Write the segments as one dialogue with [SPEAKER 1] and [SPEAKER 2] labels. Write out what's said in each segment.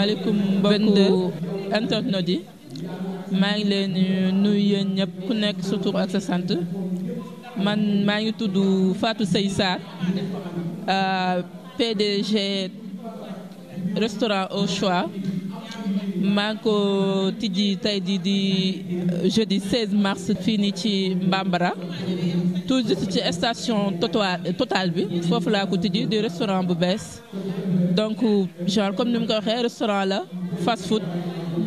[SPEAKER 1] asalaamaaleykum mbokki internet yi maa ngi leen nuyu yéen ñëpp ku nekk o tur ak sa sant man maa ngi tudd Fatou Seye Sarr euh, PDG restaurant au choix Mako suis tijji euh, jeudi 16 mars fini ci Mbambara tout juste ci station Total Total bi foofu du ko restaurant bu donc genre comme nous ko les restaurant la fast food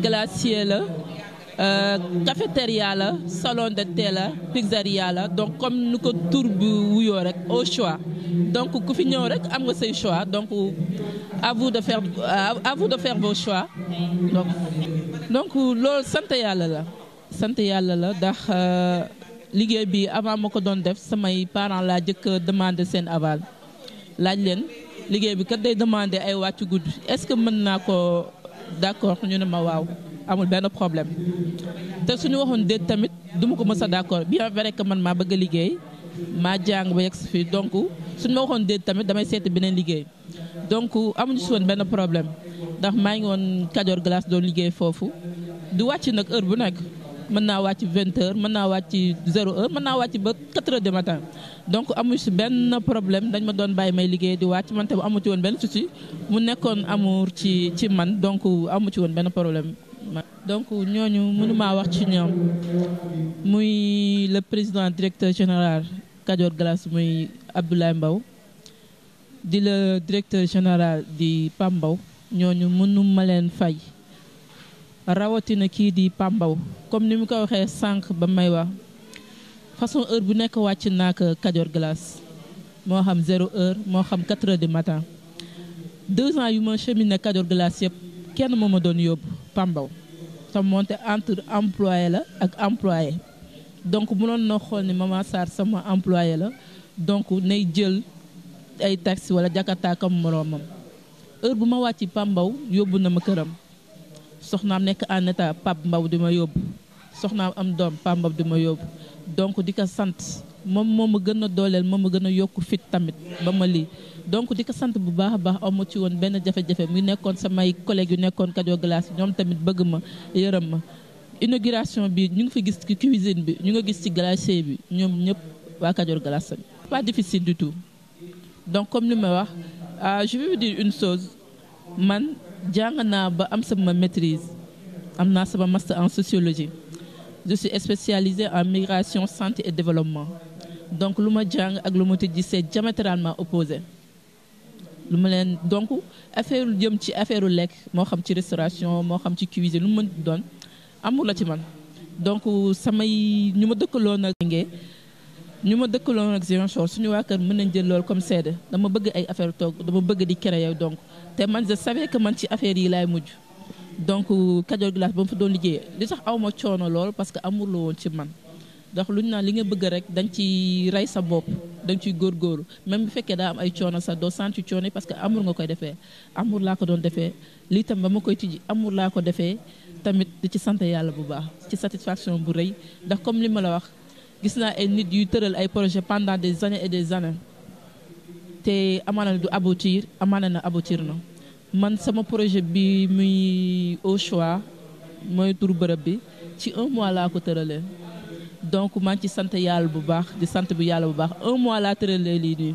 [SPEAKER 1] glacier Euh, cafétéria la salon de thé la pizzeria donc comme nu ko tur wuyo wuyoo rek au choix donc ku fi ñëw rek am nga say choix donc à vous de faire à vous choix donc donc loolu sant yàlla la sant yàlla la ndax euh, liggéey bi avant ma ko doon def samay parent laa jëkk demande seen aval laaj leen liggéey bi kat day demande ay wàccu gudd est-ce que mën naa ko d'accord ñu ne ma waaw amul benn problème te suñu waxoon déet tamit duma ko mës a d'accord bien vrai que man maa bëgg liggéey maa jàng ba donc suñu ma waxoon déet tamit damay beneen liggéey donc amuñu si benn problème ndax maa ngi woon Kajoor Glace doon liggéey foofu du wàcc nag heure bu nekk mën naa wàcc vingt heures mën naa wàcc zéro heure mën naa wàcc ba quatre heures du matin donc amu si benn problème dañ ma doon bàyyi may liggéey di wàcc mante tamit amu ci woon benn souci mu nekkoon amour ci ci man donc amu ci woon benn problème donc nous, nous le président directeur général Kadior Glace muy Abdoulaye Mbow le directeur général de nous. Nous nous fay rawatina ki di Pambaw comme nous, ko ba façon heure bu nek wacc nak kadior Glace zéro heure mo xam quatre heures du matin deux ans yu cheminé kadior Glace kenn xamonte entre employé la ak employé donc mënoon na xool ni Mama Sarr sama employé la donc nay jël ay taxi wala jakarta comme moroomam heure bu ma wàcc Pape Mbaw yóbbu na ma këram soxnaam nekk en état Pape Mbaw di ma yóbbu soxnaam am doom Pape di ma yóbbu donc di ko sant mom moma gëna dolel moma gëna yokku fit tamit ba ma donc diko sante bu baax a baax amu ci woon benn jafe-jafe mu sa may collègues yu nekkon Kajoor Glace ñom tamit bëgg ma yërëm ma inauguration bi ñu ngi fi gis ci cuisine bi ñu nga gis ci glacier bi ñom ñep wa Kajoor Glace pas difficile du tout donc comme li ma wax ah, je vais vous dire une chose man jàng naa ba am sama maîtrise am naa sama master en sociologie je suis spécialisée en migration santé et développement donc lu ma jàng ak lu ma tëjji c'est diamétralement opposé lu ma leen donc affaire lu jëm ci affaire lekk moo xam ci restauration moo xam ci cuisine lu mu mën doon amul la ci man donc samay ñu ma dëkkaloon ak ngee ñu ma dëkkaloon ak Ziguinchor suñu waa kër mën nañ jël loolu comme seede dama bëgg ay affaire toog dama bëgg di créer donc te man je savais que man ci affaire yi laay mujj donc Kajoor Glace ba fa doon liggéey li tax aw ma coono lool parce que amul woon ci man ndax ñu naan li nga bëgg rek dañ ci rey sa bopp dañ nga góor góorgóorlu même bu fekkee daa am ay coono sax doo sentu coono parce que amour nga koy defee amul laa ko doon defee lii tam ba ma koy tijji amul laa ko defee tamit di ci sant yàlla bu baax ci satisfaction bu rëy ndax comme li ma la wax gis naa ay nit yuy tëral ay projet pendant des années et des années te amaana du aboutir amaana na aboutir na man sama projet bi muy au choix mooy tur bërëb bi ci un mois laa ko tëralee donc maa ngi ci sant yàlla bu baax di sante bu yalla bu baax un mois la tëralee lii nii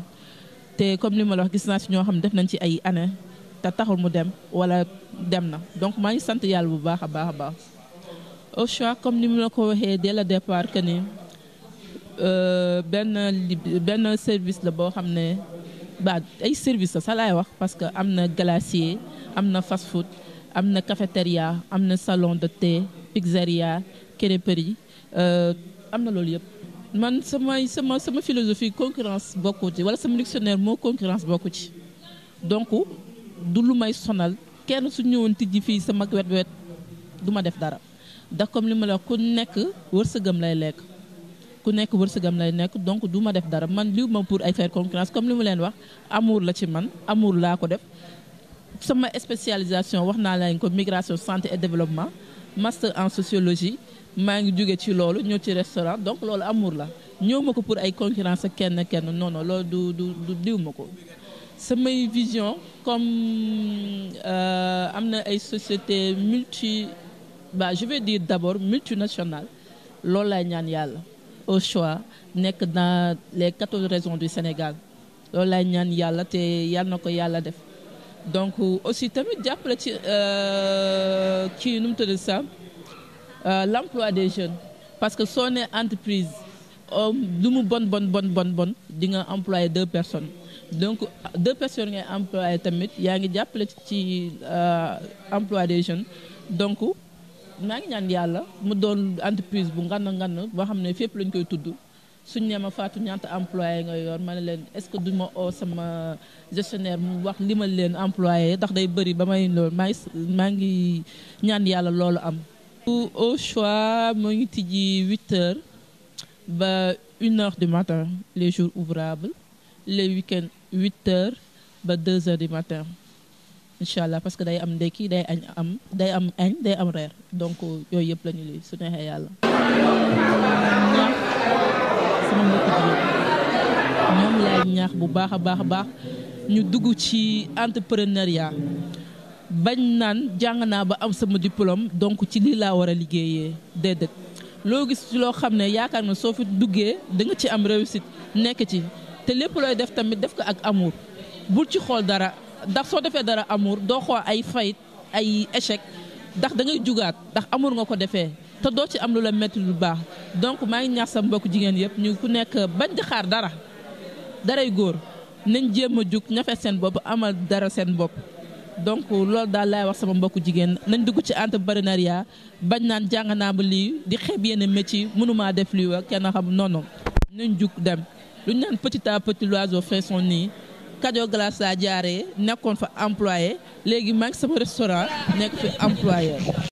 [SPEAKER 1] té comme ni ma wax gis na ci ño xam def nañ ci ay année ta taxul mu dem wala dem na donc maa ngi sante yalla bu baax a baax baax au choix comme ni ma ko waxé dès le départ que ni ben ben service la bo xamné ba ay service sa lay wax parce que amna glacier amna fast food amna cafeteria cafétéria salon de thé pizzeria crêperie euh, amna na loolu man sama sama sama philosophie concurrence bokku ci wala sama dictionnaire mo concurrence bokku ci donc du lu may sonal kenn su ñewon tijji fi sama wet wet duma def dara da comme li la ku nek wërsëgam lay lek ku nek wërsëgam lay nek donc duma def dara man liw ma pour ay faire concurrence comme li len wax amour la ci man amour la ko def sama spécialisation wax naa ko migration santé et développement master en sociologie maa ngi jóge ci lolu ñu ci restaurant donc lolu amour la ñëw ma pour ay concurrence ak kenn kenn non non lolu du du du diw ma vision comme euh, amna ay société multi bah je veux dire d'abord multinationale lolu lay ñaan yalla au choix nek dans les 14 régions du Sénégal lolu lay ñaan yalla té yalla nako yalla def donc aussi tamit jàppale ci euh, kii nu mu tudd ça euh, l'emploi des jeunes parce que soo nee entreprise lu bon bon bon bon bon di nga employé deux personnes donc deux personnes ngay employé tamit yaa ngi jàppale ci euh, emploi des jeunes donc maa ngi ñaan yàlla mu doon entreprise bu ngan ngan boo xam ne fépp lañ koy tudd. Si je faatu ñant employé yor est-ce que duma o sama gestionnaire mu wax lima employé tax day bari ba may lool may ma ngi ñaan au choix mo ngi tiji 8h ba 1h du matin les jours ouvrables le week-end 8h ba 2h du matin Inch'Allah, parce que day am employé. day agn am day am agn day am rer donc yoy yep lañu lay suñu yalla ñoom laay ñaax bu baax a baax a baax ñu dugg ci entrepreneuriat bañ naan jàng naa ba am sama diplôme donc ci lii laa war a liggéeyee déedéet loo gis ci loo xam ne yaakaar na soo fi duggee da nga ci am réussite nekk ci te lépp looy def tamit def ko ak amour bul ci xool dara ndax soo defee dara amour doo xool ay fayt ay échec ndax dangay ngay jugaat ndax amur nga ko defee te doo ci am lu la métti lu baax donc maa ngi ñaax sa mbokk jigéen yëpp ñu ngi ku nekk bañ di xaar dara daray góor nañ jéem a jug ñafe seen bopp amal dara seen bopp donc loolu daal laay wax sama mbokku jigéen nañ dugg ci entrepreneuriat bañ naan jàng naa ba lii di xep yenn métier mënumaa def lii wa kenn xam non nañ jug dem lu ñu naan petit à petit l'oiseau fait son nid Kajo laa jaaree nekkoon fa employé léegi maa ngi sama restaurant nekk fi